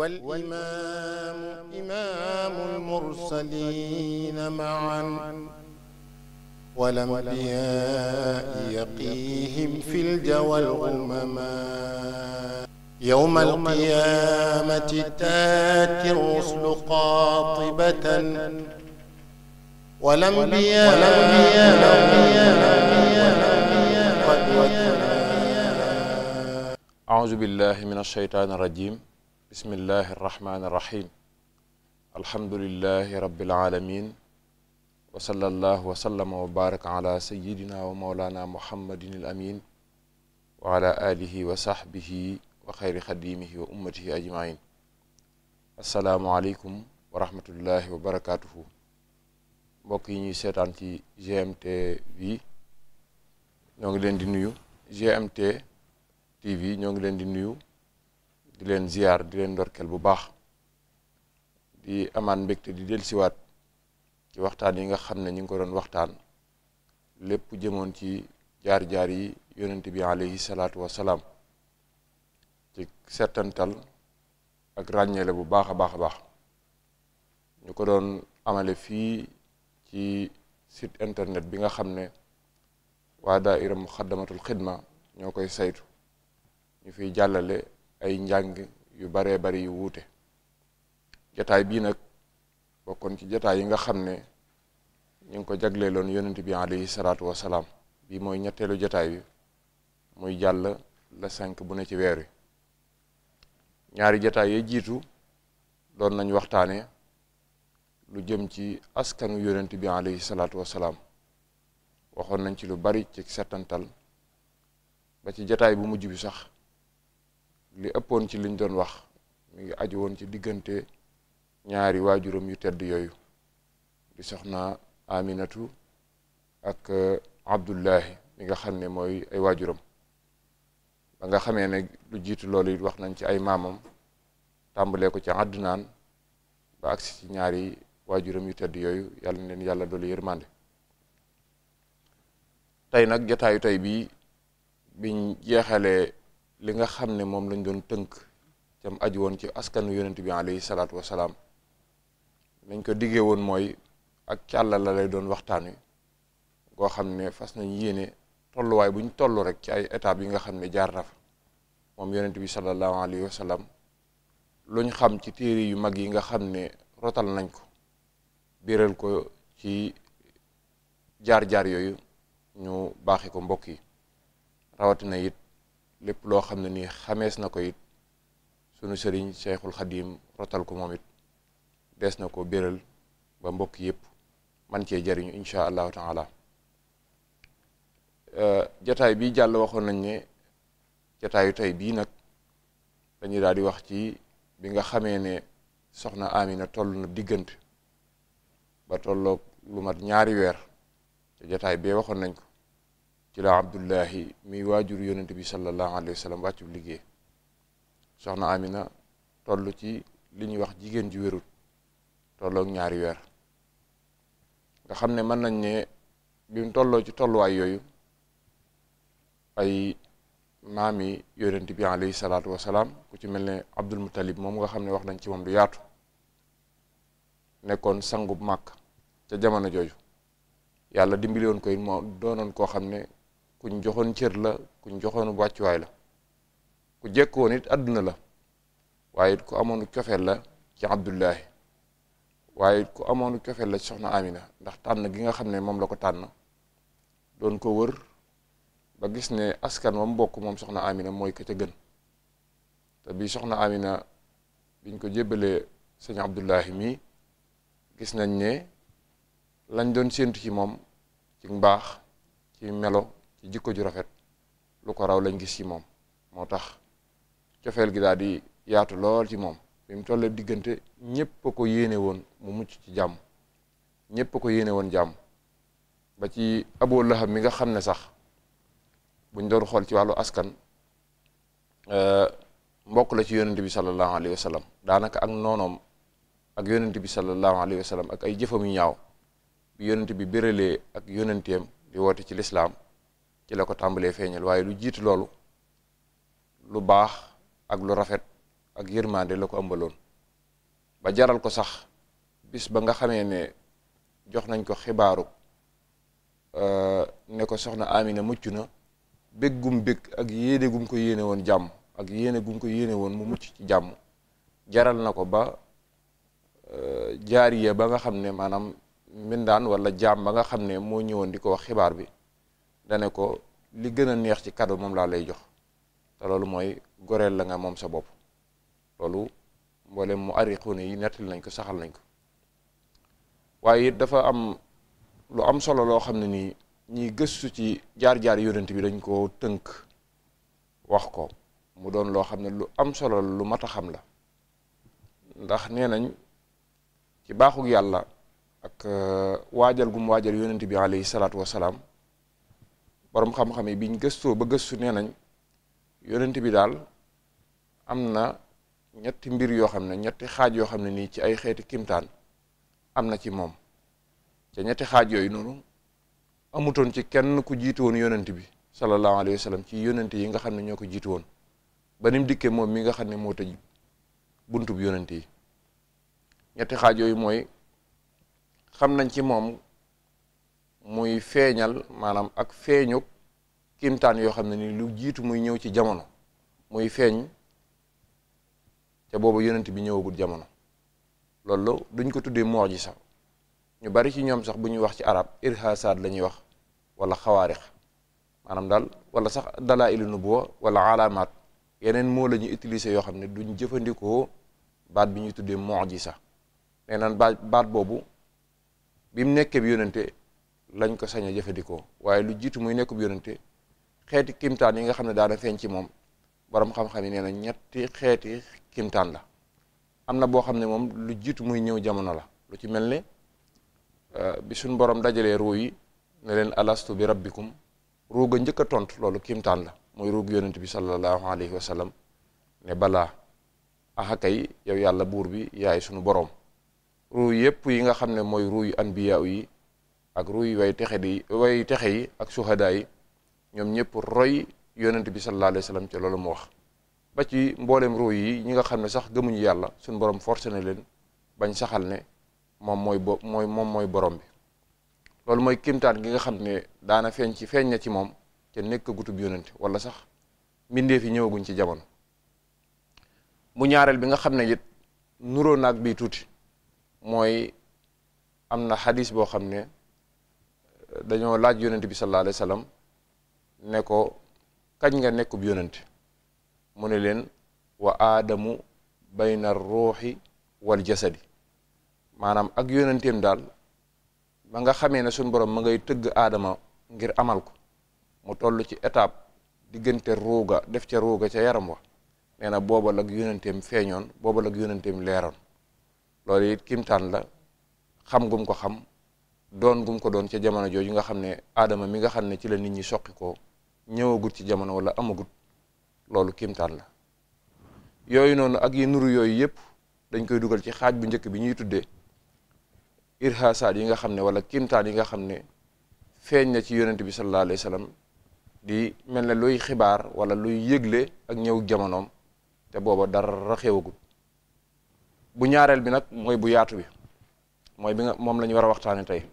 والإمام إمام المرسلين معا والأنبياء يقيهم في الجوى الغمما يوم القيامة تاتي الرسل قاطبة والأنبياء قد وكلا أعوذ بالله من الشيطان الرجيم bismillahi irrahmani irrahim alhamdulilahi rabilalamin wasala allahu wasallama wa baraka ala sayidina amin wa ala alihi wa sahbihi wa xayri xadimihi wa ummatihi ajmain assalaamu aleykum wa rahmatullahi yi ñuy seetaan ci ñoo ngi leen di nuyu GMT ñoo ngi leen di nuyu di leen ziyaar di leen ndorkeel bu baax di amaan mbégte di dellusiwaat ci waxtaan yi nga xam ne ñu ngi ko doon waxtaan lépp jëmoon ci jaar-jaar yi yonent bi alayhi salaatu wasalaam ci settantal ak ràññeele bu baax a baax a baax ñu ko doon amale fii ci site internet bi nga xam ne waa daaira muxaddamatul xidma ñoo koy saytu ñu fiy jàllale ay njàng yu baree bari yu wuute jataay bii nag bokkoon ci jataay yi nga xam ne ñu ngi ko jagleeloon yonent bi alayhi salaatu wasalaam bii mooy ñetteelu jataay bi muy jàll la cinq bu ne ci weer wi ñaari jataay ya jiitu doon nañ waxtaane lu jëm ci askanu yonent bi alayhi salaatu wasalaam waxoon nañ ci lu bari ci settantal ba ci jataay bu mujj bi sax li ëppoon ci liñ doon wax mi ngi aju woon ci diggante ñaari waajuram yu tedd yooyu di soxna Aminatu ak eh, Abdullahi mi nga xam ne mooy ay waajuram ba nga xamee ne lu jiitu loolu it wax nañ ci ay maamam tàmbalee ko ci Adnaan ba agsi ci ñaari waajuram yu tedd yooyu yàlla na leen yàlla doolu yërmande tey nag jataayu tey bii biñ li nga xam ne moom lañ doon tënk cam aju woon ci askanu yonent bi alayhi salaatu wasalaam lañ ko diggee woon mooy ak càlla la lay doon waxtaan wi goo xam ne fas nañ yéene tolluwaay buñ ñu toll rek ci ay étapes yi nga xam ne jaar na fa moom yonent bi sallallahu alayhi wa sallam xam ci téere yu mag yi nga xam ne rotal nañ ko biiral ko ci jaar-jaar yooyu ñu baaxe ko mbokk yi rawatina it lépp loo xam ne nii xamees na ko it sunu sëriñ Cheikhul Khadim rotal ko moom it des na ko béral ba mbokk yëpp man cee jariñu incha allahu taala euh, jataay bi jàll waxoon nañ ne jataayu tey bii nag dañuy daal di wax ci bi nga xamee ne soxna Amina toll na diggante ba tollook lu mat ñaari weer jataay bee waxoon nañ ko ci la Abdullahi mi waajur yonent bi sallallahu alayhi wa sallam wàccu liggéey soxna Amina tollu ci li ñuy wax jigéen ji wérut tolloog ñaari weer nga xam ne mën nañ ne bi mu tolloo ci tolluwaay yooyu ay maami yonent bi alayhi salaatu wasalaam ku ci mel ne Abdul Muttalib moom nga xam ne wax nañ ci moom du yaatu nekkoon sangub màkk ca jamono jooju yàlla dimbali woon ko moo doonoon koo xam ne kuñ joxoon cër la kuñ joxoon wàccuwaay la ku jekkoon it àdduna la waaye it ku amoon cofeel la ci waaye it ku amoon cofeel la ci soxna Amina ndax tànn gi nga xam ne moom la ko tànn doon ko wër ba gis ne askan wam bokk moom soxna Amina mooy ka ca gën te bii soxna Amina biñ ko jébbalee sëñ Abdullahi mii gis nañ ne lañ doon séentu ci moom ci mbaax ci melo ci jikko ju rafet lu ko raw lañ gis ci moom moo tax cofeel gi daal di yaatu lool ci moom bi mu toll diggante ñëpp ko yéene woon mu mucc ci jàmm ñëpp ko yéene woon jàmm ba ci Abu Lahab mi nga xam ne sax buñ doon xool ci wàllu askan euh, mbokk la ci yonent bi sallallahu alayhi wa daanaka ak noonoom ak yonent bi sallallahu alayhi wa sallam ak ay jëfam yu ñaaw bi yonent bi béralee ak yonenteem di woote ci lislaam ci la ko tàmbalee feeñal waaye lu jiitu loolu lu baax ak lu rafet ak yërmande la ko ëmbaloon ba jaral ko sax bis ba nga xamee ne jox nañ ko xibaaru euh, ne ko soxna Amina mucc na béggum bég ak yéene gum ko yéene woon jàmm ak yéene gum ko yéene woon mu mucc ci jàmm jaral na ko ba euh, jaariya ba nga xam ne maanaam mbindaan wala jaam ba nga xam ne moo ñëwoon di ko wax xibaar bi dane ko li gën a neex ci cadeau moom laa lay jox te loolu mooy goreel la nga moom sa bopp loolu mboolem mu arixuune yi nettali nañ ko saxal nañ ko waaye it dafa am lu am solo loo xam ne nii ñiy gëstu ci jaar-jaar yonent bi dañ ko tënk wax ko mu doon loo xam ne lu am solo lu mat a xam la ndax nee nañ ci baaxug yàlla ak euh, waajal gum waajal yonent bi alayhi salaatu wasalaam borom xam-xam yi biñ gëstoo ba gëstu nee nañ yonent bi daal am na ñetti mbir yoo xam ne ñetti xaaj yoo xam ne nii ci ay xeeti kimtaan am na ci moom ca ñetti xaaj yooyu noonu amutoon ci kenn ku jiitu woon yonent bi sallallahu alayhi wa ci yonent yi nga xam ne ñoo ko jiitu woon ba nim dikkee moom mi nga xam ne moo tëj buntub yonent yi ñetti xaaj yooyu mooy xam nañ ci moom muy feeñal maanaam ak feeñuk kimtaan yoo xam ne ni lu jiitu muy ñëw ci jamono muy feeñ te booba yonent bi ñëwagul jamono loolu duñ ko tuddee sax ñu bari ci ñoom sax bu ñuy wax ci arab irhasaat la ñuy wax wala xawaarix maanaam daal wala sax dalaa dalaa'ilu nubuwa wala alaamaat yeneen moo la ñuy utiliser yoo xam ne duñ jëfandikoo baat bi ñuy tuddee ji sax naan baat boobu bi mu nekkee bi yonente lañ ko sañ a jëfandikoo waaye lu jiitu muy nekk bu yonante xeeti kimtaan yi nga xam ne daana feeñ ci moom borom xam-xam yi nee na ñetti xeeti kimtaan la am na boo xam ne moom lu jiitu muy ñëw jamono la lu ci mel ne euh, bi suñ borom dajalee ruu yi ne leen alastu bi rabbikum ruuga njëkk a tontu loolu kimtaan la mooy ruug yonent bi sallallahu alayhi wa sallam ne balaa axa kay yow yàlla buur bi yaay suñu borom ruu yépp yi nga xam ne mooy ruu yu anbiya yi ak ruy way texe di way texe yi ak suhadaa yi ñoom ñëpp roy yonent bi sallallahu alayhi wa sallam loolu mu wax ba ci mbooleem ruuy yi ñi nga xam ne sax gëmuñu yàlla suñ borom forcé na leen bañ saxal ne moom mooy mooy moom mooy borom bi loolu mooy kimtaan ki nga xam ne daana feeñ ci feeñ na ci moom te nekk gutub yonent wala sax mbindeef yi ñëwaguñ ci jamono mu ñaareel bi nga xam ne yit nuroo nag bi tuuti mooy am na xadis boo xam ne dañoo laaj yonent bi sallallahu wa sallam ne ko kañ nga nekkub yonent mu ne leen wa aadamu bayna ruuxi wal jasadi maanaam ak yonenteem daal ba nga xamee ne suñ borom ma ngay tëgg aadama ngir amal ko mu toll ci étape diggante ruuga def ca ruuga ca yaram wa nee na boobal ak yonenteem feeñoon boobal ak yonenteem leeroon loolu it kimtaan la xam gum ko xam doon gum ko doon ca jamono jooju nga xam ne aadama mi nga xam ne ci la nit ñi soqi ko ñëwagut ci jamono wala amagut loolu kimtaan la yooyu noonu ak yi nuru yooyu yëpp dañ koy dugal ci xaaj bu njëkk bi ñuy tuddee irhaasaat yi nga xam ne wala kimtaan yi nga xam ne feeñ na ci yonent bi sallallahu alayhi wasallam di mel na luy xibaar wala luy yëgle ak ñëw jamonoom te booba dara xewagut bu ñaareel bi nag mooy bu yaatu bi mooy bi nga moom lañu war a waxtaane tey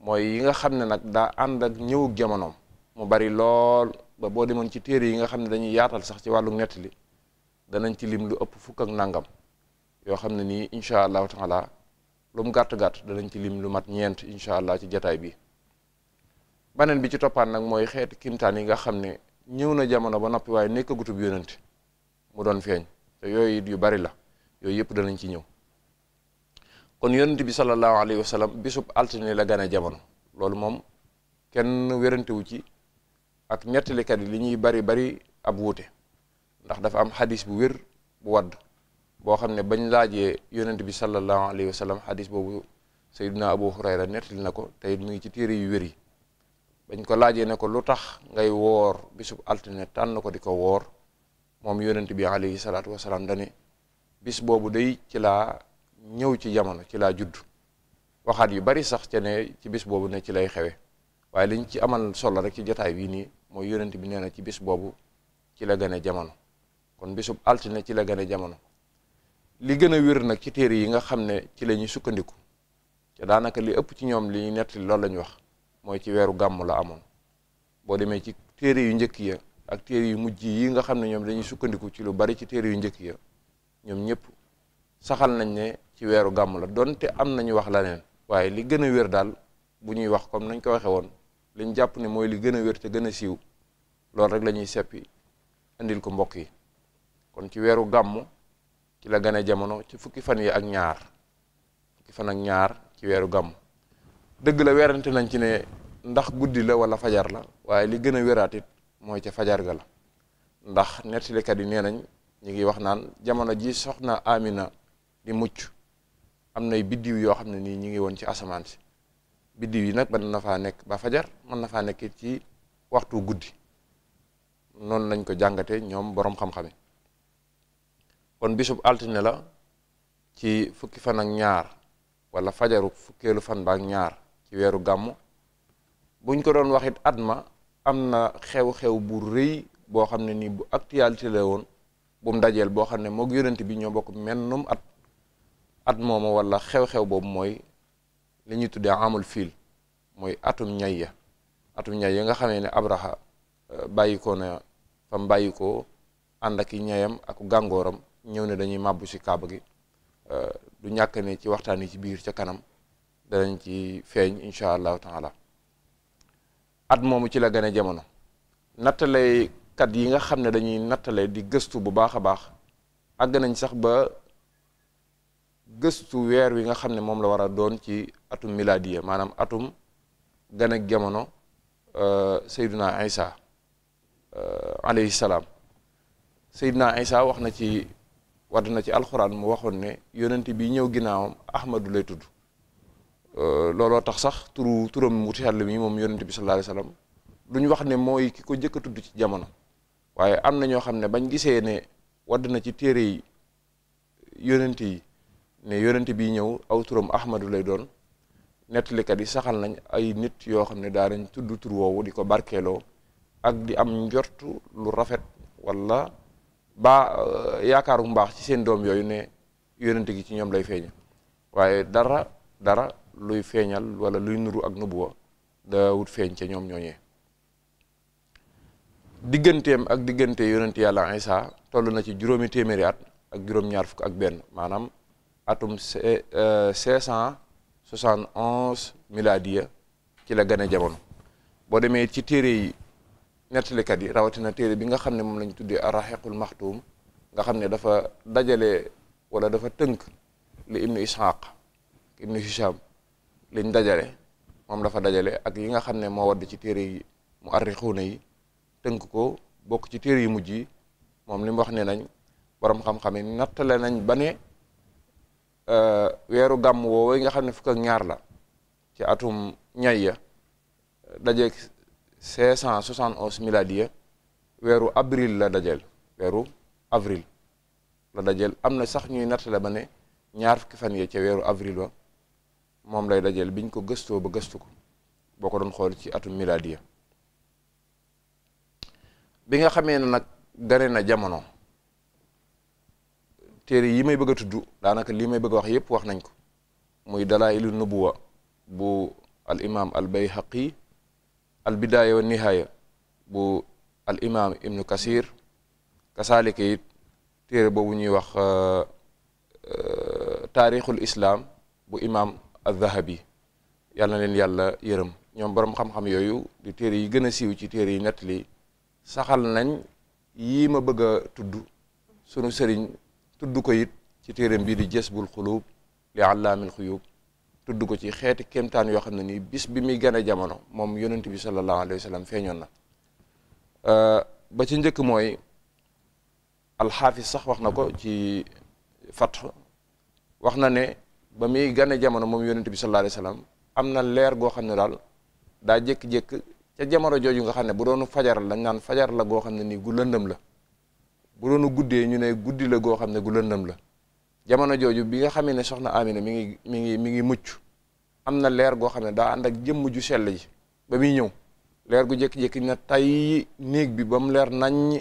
mooy yi nga xam ne nag daa ànd ak ñëwug jamonoom mu bari lool boo demoon ci téere yi nga xam ne dañuy yaatal sax ci wàllu nettali danañ ci lim lu ëpp fukk ak nangam yoo xam ne nii incha allahu taala lu mu gàtt gàtt danañ ci lim lu mat ñeent incha allah ci jataay bi. beneen bi ci toppaan nag mooy xeeti kimtaan yi nga xam ne ñëw na jamono ba noppi waaye nekk gutub yonent mu doon feeñ te yooyu yu bari la yooyu yëpp danañ ci ñëw. kon yonent bi sallallahu alayhi wa sallam bisub altine la gane jamono loolu moom kenn wérantewu ci ak nettalikat yi li ñuy bari bari ab wuute ndax dafa am xadis bu wér bu wadd boo xam ne bañ laajee yonent bi sallallahu alayhi wa sallam xadis boobu sayyiduna abu hurayra nettali na ko tey mu ngi ci téere yu wér yi bañ ko laajee ne ko lu tax ngay woor bisub altine tànn ko di ko woor moom yonent bi alayhi salaatu wasalaam dane bis boobu day ci laa ñëw ci jamono ci laa judd waxaat yu bari sax ca ne ci bis boobu ne ci lay xewe waaye liñ ci amal solo rek ci jataay bii nii mooy yonent bi nee ci bis boobu ci la gane jamono kon bisub altine ci la gane jamono li gën a wér nag ci téere yi nga xam ne ci lañuy sukkandiku te daanaka li ëpp ci ñoom li ñuy nettali loolu wax mooy ci weeru gàmm la amoon boo demee ci téere yu njëkk ya ak téere yu mujj yi nga xam ne ñoom dañuy sukkandiku ci lu bari ci téere yu njëkk ya ñoom ñëpp saxal nañ ne ci weeru gàmm la donte am nañu wax leneen waaye li gën a wér daal bu ñuy wax comme nañ ko waxee woon liñ jàpp ni mooy li gën a wér te gën a siiw loolu rek lañuy ñuy seppi indil ko mbokk yi kon ci weeru gàmm ci la gane jamono ci fukki fan yi ak ñaar fukki fan ak ñaar ci weeru gàmm dëgg la weerante nañ ci ne ndax guddi la wala fajar la waaye li gën a wéraatit mooy ca fajar ga la ndax nettalikat yi nee nañ ñu ngi wax naan jamono ji soxna Amina di mucc am na biddiw yoo xam ne nii ñu ngi woon ci asamaan si biddiw yi nag ba na faa nekk ba fajar mën na faa nekk ci waxtu guddi noonu lañ ko jàngate ñoom boroom xam-xame kon bisub altine la ci fukki fan ak ñaar wala fajaru fukkeelu fan ba ak ñaar ci weeru gàmmu buñ ko doon waxit at ma am na xew-xew bu rëy boo xam ne nii bu actualité la woon bu mu dajeel boo xam ne moog yonent bi ñoo bokk mennum at at mooma wala xew-xew boobu mooy li ñuy tuddee amul fiil mooy atum ñay ya atum ñay ya nga xamee ne abraha euh, bàyyi ko na fam bàyyikoo ànd ak i ñayam ak gàngooram ñëw ne dañuy màbbu si kaaba gi euh, du ñàkk ni ci waxtaan yi ci biir ca kanam danañ ci feeñ incha allahu taala at moomu ci la gën a jamono nattalekat yi nga xam ne dañuy nattalee di gëstu bu baax a baax àgg nañ sax ba gëstu weer wi nga xam ne moom la war a doon ci atum miladiya maanaam atum gan ak jamono euh, Seydina Isa euh, alayhi salaam Seydina Isa wax na ci wadd na ci alxuraan mu waxoon ne yonent bi ñëw ginnaawam Ahmadu lay tudd euh, looloo tax sax turu turam wu sell mi moom yonent bi sallallahu alayhi wasallam lu ñu wax ne mooy ki ko njëkk tudd ci jamono waaye am na ñoo xam ne bañ gisee ne wadd na ci téere yi yonent yi ne yonent bi ñëw aw turam ahmadu lay doon nettalikat yi saxal nañ ay nit yoo xam ne daa nañ tudd tur woowu di ko barkeeloo ak di am njort lu rafet wala baa euh, yaakaaru mbaax ci seen doom yooyu ne yonent gi ci ñoom lay feeña waaye dara dara luy feeñal wala luy nuru ak nubuwa da wut feeñ ca ñoom ñooñee digganteem ak diggante yonent yàlla Isa toll na ci juróomi téeméeri at ak juróom-ñaar fukk ak benn maanaam atum eh, euh, cinq cent soixante onze miladiya ci la gane jamono boo demee ci téere yi nettalikat yi rawatina téere bi nga xam ne moom la ñu tuddee araxiqul maxtuum nga xam ne dafa dajale wala dafa tënk li ibnu ishaq ibnu hisham liñ dajale moom dafa dajale ak yi nga xam ne moo wadd ci téere yi mu arrixuuna yi tënk ko bokk ci téere yi mujj yi moom li mu wax ne nañ boroom xam-xam yi nattale nañ ba ne Euh, weeru gàmm woowu yi nga xam ne fukk ñaar la ci atum ñay ya dajeeg cinq cent soixante onze miladiya weeru abril la dajeel weeru avril la dajeel am na sax ñuy nattale ba ne ñaar fukki fan yee ca weeru avril ba moom lay dajeel biñ ko gëstoo ba gëstu ko boo ko doon xool ci atum miladiya bi nga xamee ne nag gane na jamono téere yi may bëgg a tudd daanaka lii may bëgg wax yëpp wax nañ ko muy dalailu nubuwa bu al imam al bayhaqi al bidaaya wa nihaaya bu al imam ibnu kasir kasaalika it téere boobu ñuy wax euh, euh, taarixul islaam bu imam al-dhahabi yàlla na leen yàlla yërëm ñoom borom xam-xam yooyu di téere yi gën a siiw ci téere yi nettali saxal nañ yii ma bëgg a tudd sunu sëriñ tudd ko it ci téeram bii di jës bul xuluub li allaamil xuyub tudd ko ci xeeti kéemtaan yoo xam ne nii bis bi muy gane jamono moom yonent bi sallallahu alayhi wa sallam feeñoon na euh, ci njëkk mooy alxaafis sax wax na ko ci fath na ne ba muy gane jamono moom yonent bi sallallahu alayhi wa sallam am na leer goo xam ne daal daa jékki-jékki ca jamono jooju nga xam ne bu doon fajar lañ naan fajar la goo xam ne nii gu lëndëm la bu doonu guddee ñu ne guddi la goo xam ne gu lëndëm la jamono jooju bi nga xamee ne soxna Amina mi ngi mi ngi mi ngi mucc am na leer goo xam ne daa ànd ak jëmm ju sell ji ba muy ñëw leer gu jékki-jékki na tay néeg bi ba mu leer naññ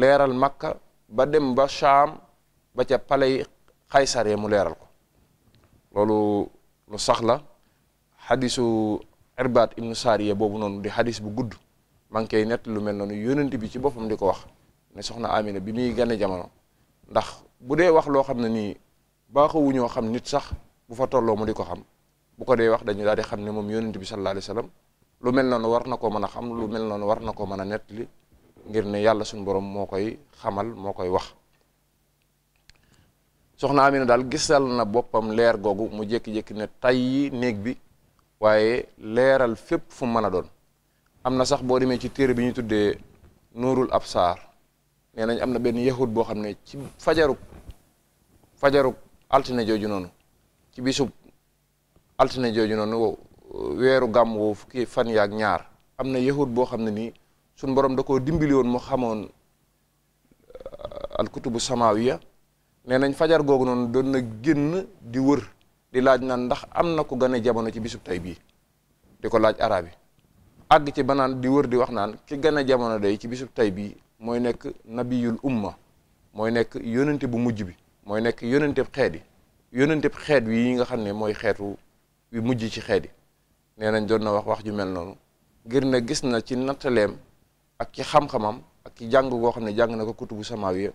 leeral Makka ba dem ba Shaam ba ca palay Xaysar ya mu leeral ko loolu lu sax la xadisu Irbaat ibnu Saariya boobu noonu di xadis bu gudd maa nett lu mel noonu yonent bi ci boppam di ko wax ne soxna Amina bi muy gane jamono ndax bu dee wax loo xam ne nii baaxawuñoo xam nit sax bu fa tolloo mu di ko xam bu ko dee wax dañu daal di xam ne moom yonent bi sallallahu alayhi wasallam lu mel noonu war na koo mën a xam lu mel noonu war na ko mën a nettali ngir ne yàlla suñu boroom moo koy xamal moo koy wax soxna Amina daal gisal na boppam leer googu mu jékki-jékki ne tayyi néeg bi waaye leeral fépp fu mu mën a doon am na sax boo demee ci téere bi ñu tuddee nuurul saar nee nañ am na benn yahud boo xam ne ci fajaruk fajaruk altine jooju noonu ci bisub altine jooju noonu weeru gàmm woo fukki fan yaag ñaar am na yahud boo xam ne nii suñ borom da ko dimbali woon mu xamoon uh, alkutubu samawiya nee nañ fajar googu noonu doon na génn di wër di laaj naan ndax am na ko gane jamono ci bisub tey bii di ko laaj arab yi àgg ci ba naan di wër di wax naan ki gane jamono day ci bisub tey bii mooy nekk nabiyul umma mooy nekk yonente bu mujj bi mooy nekk yonente xeet yi yonente xeet wi yi nga xam ne mooy xeetu wi mujj ci xeet yi nee nañ doon na wax wax ju mel noonu ngir ne gis na ci nattaleem ak ci xam-xamam ak ci jàng goo xam ne jàng na ko kutubu samawiya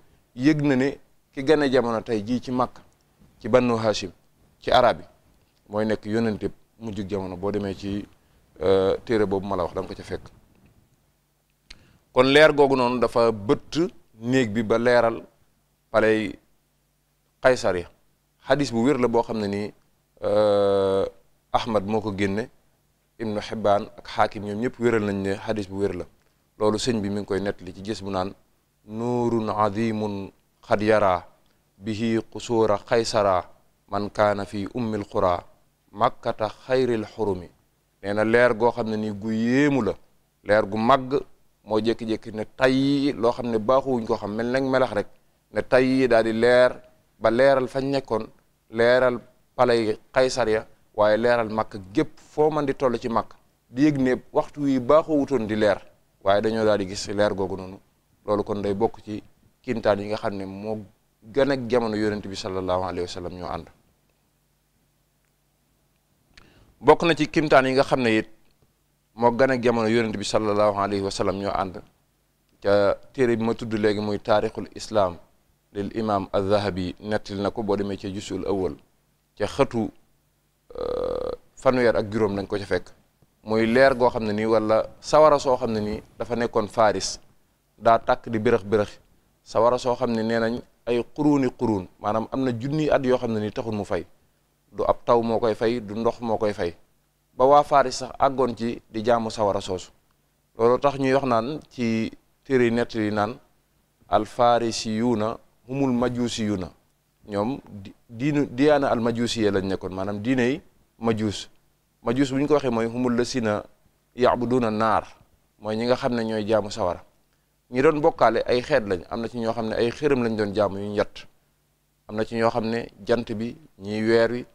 yëg na ne ki gën jamono tey jii ci Makka ci Banu Hashim ci arab yi mooy nekk yonente mujjug jamono boo demee ci euh, téere boobu ma la wax da ko ca fekk kon leer googu noonu dafa bët néeg bi ba leeral palais Qaysar ya xadis bu wér la boo xam ne nii euh, Ahmad moo ko génne Ibnu Xibbaan ak Xaakim ñoom ñëpp wéral nañ ne xadis bu wér la loolu sëñ bi mi ngi koy li ci gis bu naan nuurun adimun xad yara bihi qusuura xaysara man kaana fi ummil qura makkata xayril xurumi nee na leer goo xam ne ni gu yéemu la leer gu màgg moo jékki-jékki ne tay loo xam ne baaxuwuñ ko xam mel nañ melax rek ne tay daal di leer ba leeral fañ nekkoon leeral palay Qaysariya waaye leeral màkk gépp foo man di toll ci màkk di yëg ne waxtu wi baaxuwutoon di leer waaye dañoo daal di gis leer googu noonu loolu kon day bokk ci kintaan yi nga xam ne moo gën ak jamono yonent bi sallallahu alayhi wa sallam ñoo ànd bokk na ci kimtaan yi nga xam ne it moo gën a jamono yonent bi sallallahu alayhi wa sallam ñoo ànd ca téere bi ma tudd léegi muy taarixul islaam lil imam az-zahabi nettali na ko boo demee ca jusul awal ca xëtu euh, fanweer ak juróom dañ ko ca fekk muy leer goo xam ne nii wala sawara soo xam ne nii dafa nekkoon faaris daa tàkk di bërëx bërëx sawara soo xam ne nee nañ ay quruuni quruun maanaam am na junni at yoo xam ne nii taxul mu fay du ab taw moo koy fay du ndox moo koy fay ba waa Faris sax àggoon ci di jàmm sawara soosu loolu tax ñu yox naan ci téere nett yi naan alfarisiyuuna humul na ñoom diinu diyaana al majusiya lañ nekkoon maanaam diine yi majus majus bu ñu ko waxee mooy humul lasina na naar mooy ñi nga xam ne ñooy jàmm sawara ñi doon bokkaale ay xeet lañ am na ci ñoo xam ne ay xërëm lañ doon jàmm yu ñu am na ci ñoo xam ne jant bi ñii weer wi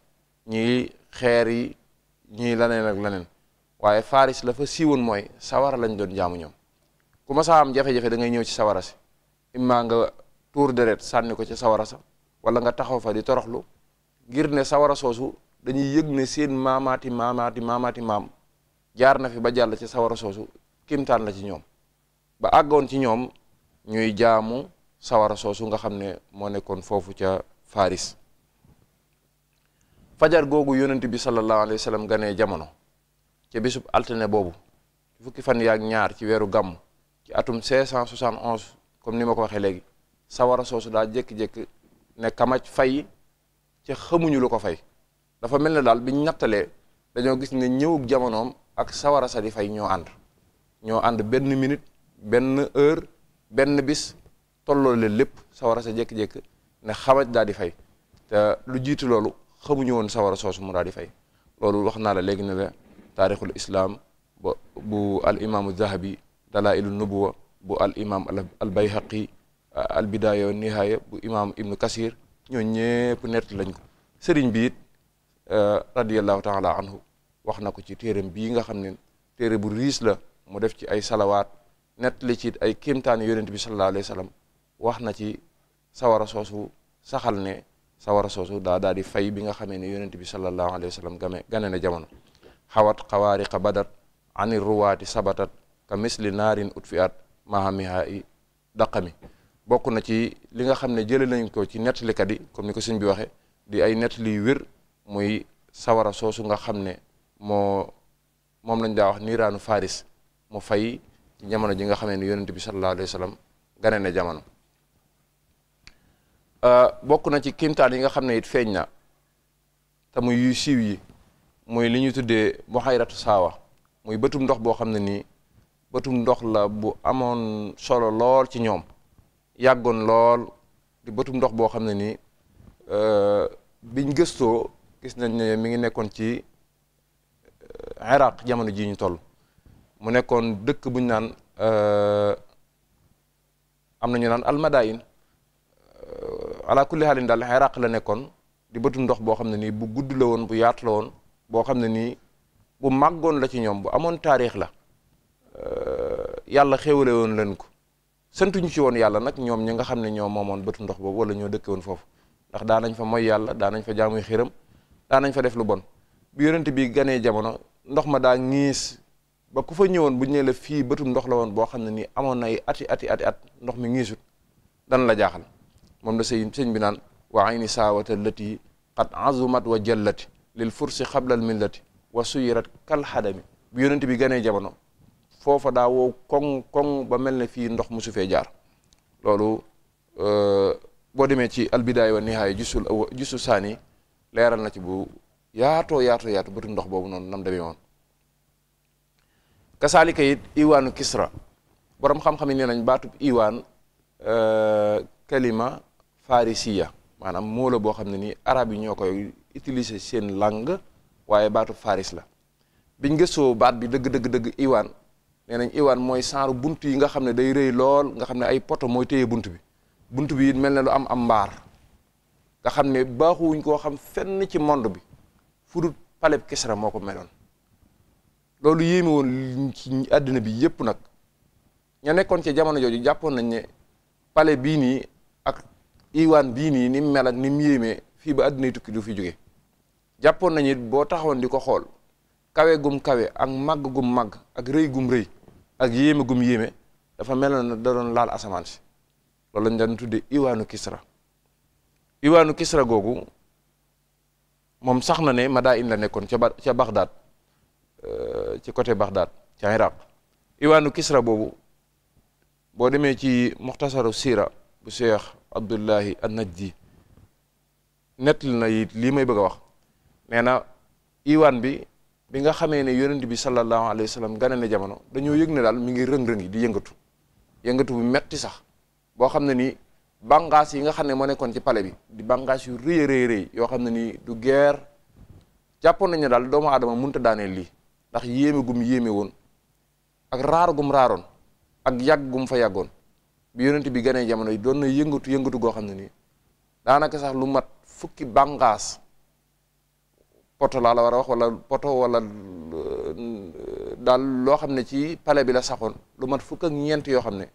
ñii xeer yi ñii laneen ak laneen waaye Faris la fa siiwoon mooy sawara lañ doon jaamu ñoom ku ma saa am jafe-jafe da ngay ñëw ci sawara si imma nga tuur deret sànni ko ca sawara sa wala nga taxaw fa di toroxlu ngir ne sawara soosu dañuy yëg ne seen maamaati maamaati maamaati maam jaar na fi ba jàll ci sawara soosu kimtaan la ci ñoom ba àggoon ci ñoom ñuy jaamu sawara soosu nga xam ne moo nekkoon foofu ca Faris fajar googu yonent bi sallallahu alayhi wa sallam ganee jamono ca bisub altine boobu fukki fan yaak ñaar ci weeru gàmm ci atum 571 comme ni ma ko waxee léegi sawara soosu daa jékki-jékki ne kamaj fay ci xamuñu lu ko fay dafa mel ne daal biñ nattalee dañoo gis ne ñëwug jamonoom ak sawara sa di fay ñoo ànd ñoo ànd benn minute benn heure benn bis tolloo leen lépp sawara sa jékki-jékki ne xamaj daa di fay te lu jiitu loolu xamuñu woon sawara soosu mu daal di fay loolu wax la léegi na la taarixul islaam ba bu al imaamu zahabi dalailu nubuwa bu al imaam al bayhaqi al bidaaya wa nihaaya bu imaam ibnu kasir ñoo ñëpp nett lañ ko sëriñ bi it euh, radiallahu taala anhu wax na ko ci téeram bii nga xam ne téere bu riis la mu def ci ay salawaat nett li ci ay kéemtaani yonent bi sallallahu alayhi wa sallam wax na ci sawara soosu saxal ne sawara soosu daa daal di fay bi nga xamee ne yonent bi sallallahu alayhi wa sallam game gane na jamono xawat xawaariqa badat ani ruwaati sabatat ka misli naarin utfiat mahamiha i daqami bokk na ci li nga xam ne jële nañ ko ci nettalikat yi comme ni ko sëñ bi waxe di ay nettali yu wér muy sawara soosu nga xam ne moo moom lañ daa wax niiraanu faris mu fay ci jamono ji nga xamee ne yonent bi sallallahu alayhi gane na jamono Euh, bokk na ci kimtaan yi nga xam ne it feeñ na te muy siiw yi muy li ñu tuddee buhayratu saawa muy bëtum ndox boo xam ne nii bëtum ndox la bu amoon solo lool ci ñoom yàggoon lool di bëtum ndox boo xam ne nii euh, biñ gëstoo gis nañ ne mi ngi nekkoon ci euh, Iraq jamono jii ñu toll mu nekkoon dëkk buñ naan am na ñu naan almadayin ala kulli haalin la nekkoon di bëtu ndox boo xam ne nii bu gudd la woon bu yaatu la woon boo xam ne nii bu màggoon la ci ñoom bu amoon taarix la euh, yàlla xéwale woon leen ko ñu ci woon yàlla nag ñoom ñi nga xam ne ñoo moomoon bëtu ndox boobu wala ñoo dëkke woon foofu ndax daan nañ fa mooy yàlla daan nañ fa jaamuy xiram daanañ fa def lu bon bi yonent bii ganee jamono ndox ma daa ngiis ba ku fa ñëwoon bu ñu la fii bëtum ndox la woon boo xam ne nii amoon na ati ati ati at ndox mi ngiisut dan la jaaxal moom la sëñ sëñ bi naan wa ayni saawata allati qad azumat wa jallati lil fursi xabla al millati wa suyirat kal xadami bi yonent bi ganee jamono foofa daa woow koŋ koŋ ba mel ne fii ndox musu fee jaar loolu euh, boo demee ci albidaaya wa nihaaya jusul saani leeral na ci bu yaatoo yaatoo yaatu bëtu ndox boobu noonu nam demee woon kasaalika it iwaanu kisra borom xam-xam yi nee nañ baatub iwaan euh, kalima farisiya maanaam moo la boo xam ne nii arab yi ñoo koy utiliser seen langue waaye baatu faris la biñ gësoo baat bi dëgg dëgg dëgg iwaan nee nañ iwaan mooy saaru bunt yi nga xam ne day rëy lool nga xam ne ay poto mooy téye bunt bi bunt bi it mel ne lu am am mbaar nga xam ne baaxuwuñ koo xam fenn ci monde bi fu dul paleb Kisra moo ko meloon loolu yéeme ci àddina bi yépp nag ña nekkoon ci jamono jooju jàppoon nañ ne palais bii nii iwaan bii nii ni mu ni mu fii ba àdduna tukki fi jóge jàppoon nañu boo taxawoon di ko xool kawe gum kawe ak màgg gum màgg ak rëy rëy ak yéeme gum yéeme dafa meloon na da doon laal asamaan loolu lañ daan tudde iwaanu kisra iwaanu kisra googu moom sax na ne Madain la nekkoon ca ba ca Bagdad euh, ci côté Bagdad ca Iraq iwaanu kisra boobu boo demee ci muxtasaru siira bu seex abdullahi annajji nettali na it lii may bëgg a wax nee na iwaan bi bi nga xamee ne yonent bi sallallahu alayhi wa sallam gane jamono dañoo yëg ne daal mi ngi rëng-rëng yi di yëngatu yëngatu bu metti sax boo xam ne nii bànqaas yi nga xam ne moo nekkoon ci pale bi di bànqaas yu rëy rëy rëy yoo xam ne nii du geer jàppoon nañu daal doomu aadama mënut a daaneel lii ndax yéeme gum yéeme woon ak raar gum raaroon ak yàgg gum fa yàggoon bi yonent bi ganee jamono doon na yëngatu yëngatu goo xam ne nii daanaka sax lu mat fukki bànqaas poto laa la war a wax wala poto walla euh, daal loo xam ne ci pale bi la saxoon lu mat fukk ak ñeent yoo xam ne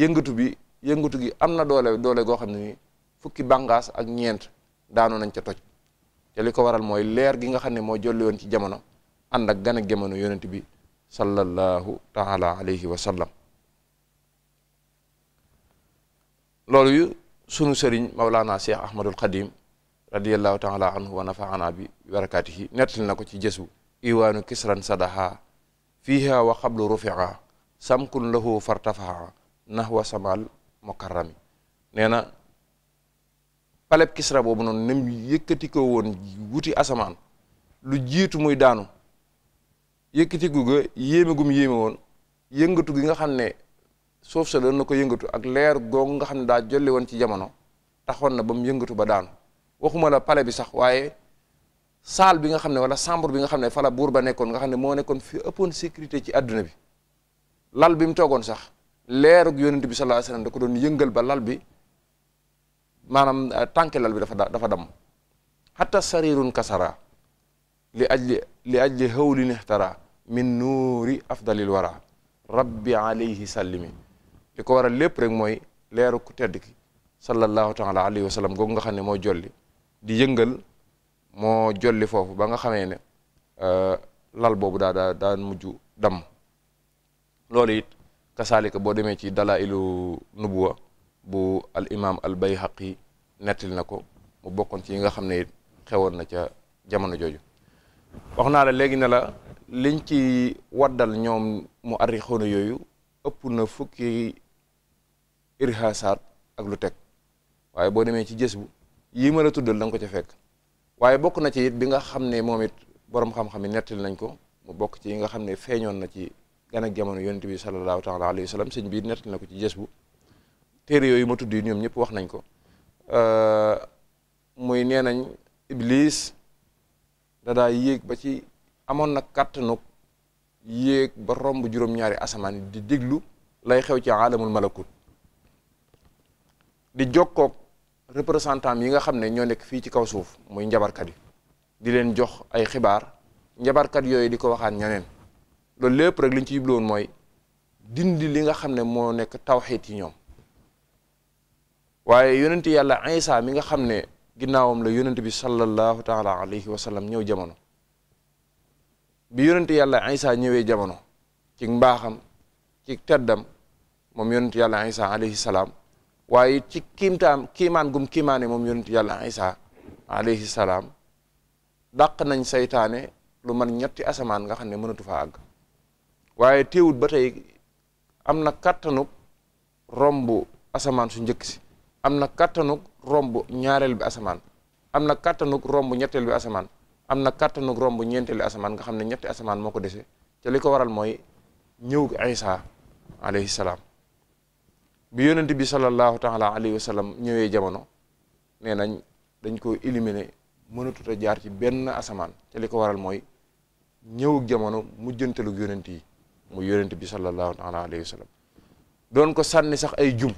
yëngatu bi yëngatu gi am na doole doole goo xam ne nii fukki bànqaas ak ñeent daanoon nañ ca toj te li ko waral mooy leer gi nga xam ne moo jolli woon ci jamono ànd ak gan ak jamono yonent bi sallallahu taala alayhi wa loolu sunu sëriñ Mawlana Cheikh Ahmadul Xadim radiallahu taala anhu wa bi barakaatihi nettali ko ci jësu iwaanu kisran sadaha fiiha wa xablu rufia samkun lahu fartafaha nahwa samal mukarrami nee na paleb kisra boobu noonu ni mu woon wuti asamaan lu jiitu muy daanu yëkkati gu ga gum yéeme woon yëngatu gi nga xam ne suuf sa doon na ko yëngatu ak leer googu nga xam ne daa jolli woon ci jamono taxoon na ba mu yëngatu ba daan waxuma la pale bi sax waaye saal bi nga xam ne wala chambre bi nga xam ne fala buur ba nekkoon nga xam ne moo nekkoon fi ëppoon sécurité ci àdduna bi lal bi mu toogoon sax leerug yonent bi sallallahu alayhi wasallam da ko doon yëngal ba lal bi maanaam euh, tànke bi dafa dafa damm hatta kasara li ajli li ajli hawlin ihtara min nuuri afdalil wara rabbi alayhi sallimi li ko a lépp rek mooy leeru ku tedd ki sallallahu taala alayhi wa sallam googu nga xam ne moo jolli di yëngal moo jolli foofu ba nga xamee ne euh, lal boobu daa daa daan mujj damm loolu it kasaalika boo demee ci dalailu nubuwa bu al imam al bayhaqi nettil na ko mu bokkoon ci yi nga xam ne it xewoon na ca jamono jooju wax naa la léegi ne liñ ci waddal ñoom mu arrixoona yooyu ëpp na fukki irhaasaat ak lu teg waaye boo demee ci jës bu yii ma la tuddal da nga ko ca fekk waaye bokk na ci it bi nga xam ne moom it boroom xam-xam yi nettali nañ ko mu bokk ci yi nga xam ne feeñoon na ci gan ak jamono yonent bi sallallahu taala alayhi wa sallam sëñ bi nettali na ko ci jës bu téere yooyu ma tudd yi ñoom ñëpp wax nañ ko muy nee nañ iblis da yéeg ba ci amoon na kàttanu yéeg ba romb juróom-ñaari asamaan di déglu lay xew ci aalamul malakut di jokkoog représentant yi nga xam ne ñoo nekk fii ci kaw suuf muy njabarkat yi di leen jox ay xibaar njabarkat yooyu di ko waxaat ñeneen loolu lépp rek liñ ñu ci yibloon mooy dindi li nga xam ne moo nekk taw tawxiit yi ñoom waaye yonent yàlla Isa mi nga xam ne ginnaawam la yonent bi sallallahu taala alayhi wa sallam ñëw jamono bi yonent yàlla Isa ñëwee jamono ci mbaaxam ci teddam moom yonent yàlla Isa alayhi salaam waaye ci kiimtaam kimaan gum kiimaane moom yonentu yàlla isa alayhi salaam dàq nañ saytaane lu man ñetti asamaan nga xam ne mënatu fa àgg waaye téewut ba tey am na kàttanug romb asamaan su njëkk si am na kàttanug romb ñaareel bi asamaan am na kàttanug romb ñetteel bi asamaan am na kàttanug romb ñeenteel bi asamaan nga xam ne ñetti asamaan moo ko dese te li ko waral mooy ñëw gi isa alayhi salaam bi yonent bi sallallahu taala alayhi wa sallam ñëwee jamono nee nañ dañ ko ilimine mënatut a jaar ci benn asamaan te li ko waral mooy ñëwug jamono mujjantelug yonent yi mu yonent bi sallallahu taala alayhi wa sallam doon ko sànni sax ay jum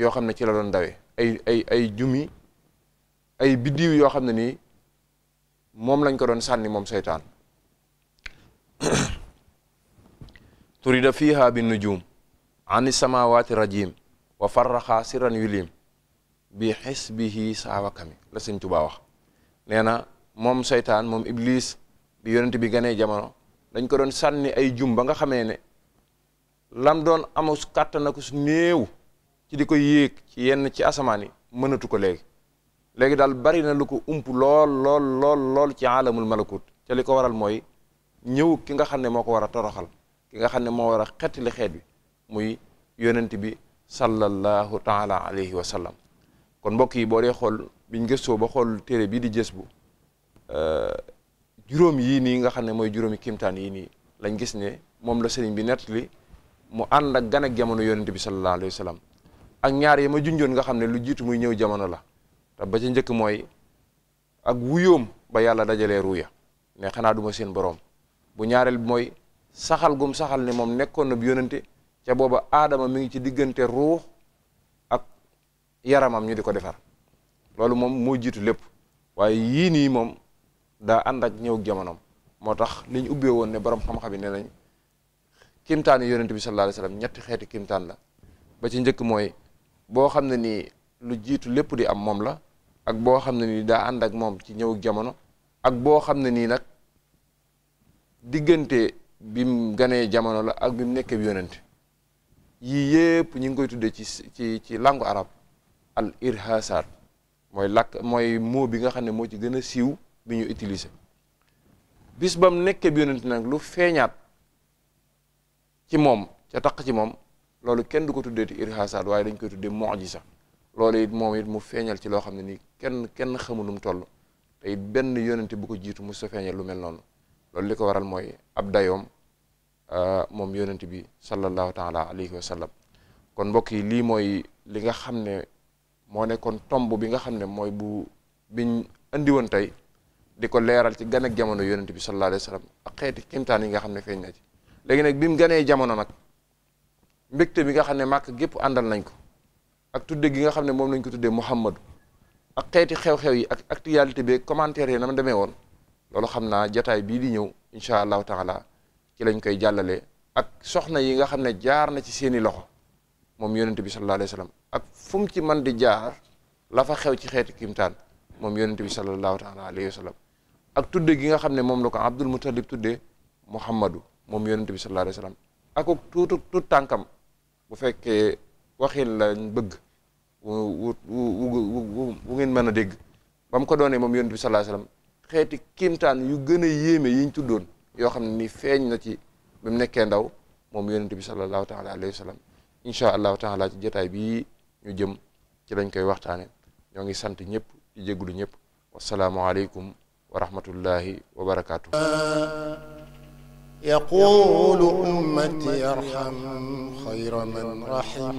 yoo xam ne ci la doon dawee ay ay ay jumi ay biddiw yoo xam ne nii moom lañ ko doon sànni moom seytaan turida fiha bi nujum ani samawati rajim wa si siran yu liim bii bi xisbihi saawakami la sëñ Tuubaa wax nee na moom seytaan moom iblis bi yonent bi ganee jamono dañ ko doon sànni ay jum ba nga xamee ne lam doon amus kàttan ak su néew ci di ko yéeg ci yenn ci asamaan yi mënatu ko léegi léegi daal bari na lu ko ump lool lool lool lool ci aalamul malakut te li ko waral mooy ñëw ki nga xam ne moo ko war a toroxal ki nga xam ne moo war a xettali xeet bi muy yonent bi sallallahu taala alayhi wa sallam kon mbokk yi boo dee xool biñ gëstoo ba xool téere bii di jës bu euh, juróom yii nii nga xam ne mooy juróomi kimtaan yii nii lañ gis ne moom la sëriñ bi nettali mu ànd ak gan jamono yonente bi sallallahu alayhi wa ak ñaar yi ma junjoon nga xam ne lu jiitu muy ñëw jamono la te ba ca njëkk mooy ak wuyoom ba yàlla dajalee ruya ne xanaa duma seen boroom bu ñaareel bi mooy saxal gum saxal ne moom nekkoon na bi yonente ca booba aadama mi ngi ci diggante ruux ak yaramam ñi di ko defar loolu moom moo jiitu lépp waaye yii nii moom daa ànd ak ñëw jamono moo tax li ñu ubbee woon ne borom xam-xam ne nañ kimtaan yi yonent bi sallallahu alayhi wasallam ñetti xeeti kimtaan la ba ci njëkk mooy boo xam ne nii lu jiitu lépp di am moom la ak boo xam ne nii daa ànd ak moom ci ñëw jamono ak boo xam ne nii nag diggante bim ganee jamono la ak bim nekkee bi yonent yii yépp ñu ngi koy tuddee ci ci ci langue arab al irhasaat mooy làkk mooy mot bi nga xam ne moo ci gën a siiw bi ñu utiliser bis ba mu nekkee bi yonent nag lu feeñaat ci moom ca taq ci moom loolu kenn du ko tuddee ti irhasaat waaye dañ koy tuddee ji sax loolu it moom it mu feeñal ci loo xam ne nii kenn kenn xamul nu mu toll te benn yonent bu ko jiitu mu sa feeñal lu mel noonu loolu li ko waral mooy ab dayoom moom yonent bi sallallahu taala alayhi wa sallam kon mbokk yi lii mooy li nga xam ne moo nekkoon tomb bi nga xam ne mooy bu biñ andi woon tey di ko leeral ci gan jamono yonent bi sallallahu alayhi wa sallam ak yi nga xam ne feeñ na ci léegi nag bi mu ganee jamono nag mbégte bi nga xam ne màkk gépp àndal nañ ko ak tudde gi nga xam ne moom lañ ko tuddee Muhammadu ak xeeti xew-xew yi ak actualité bi commentaire yi na ma demee woon loolu xam naa jataay bii di ñëw incha allah taala ci lañ koy jàllale ak soxna yi nga xam ne jaar na ci seeni loxo moom yonent bi sallallahu alayhi wa ak fu ci man di jaar la fa xew ci xeeti kimtaan moom yonent bi sallallahu taala alayhi wa sallam ak tudde gi nga xam ne moom la ko Abdul Muttalib tudde Muhammadu moom yonent bi sallallahu alayhi wa sallam ak tuutu tuut tànkam bu fekkee waxin lañ bëgg wu wu wu ngeen mën a dégg ba mu ko doonee moom yonent bi sallallahu alayhi xeeti kimtaan yu gën a yéeme yiñ tuddoon yoo xam ne ni feeñ na ci bi nekkee ndaw moom yonent bi sallallahu taala alayhi wa sallam incha allahu taala ci jotaay bii ñu jëm ci lañ koy waxtaane ñoo ngi sant ñëpp di jégalu ñëpp wasalaamualeykum wa rahmatullahi wa barakaatu. arham xayra man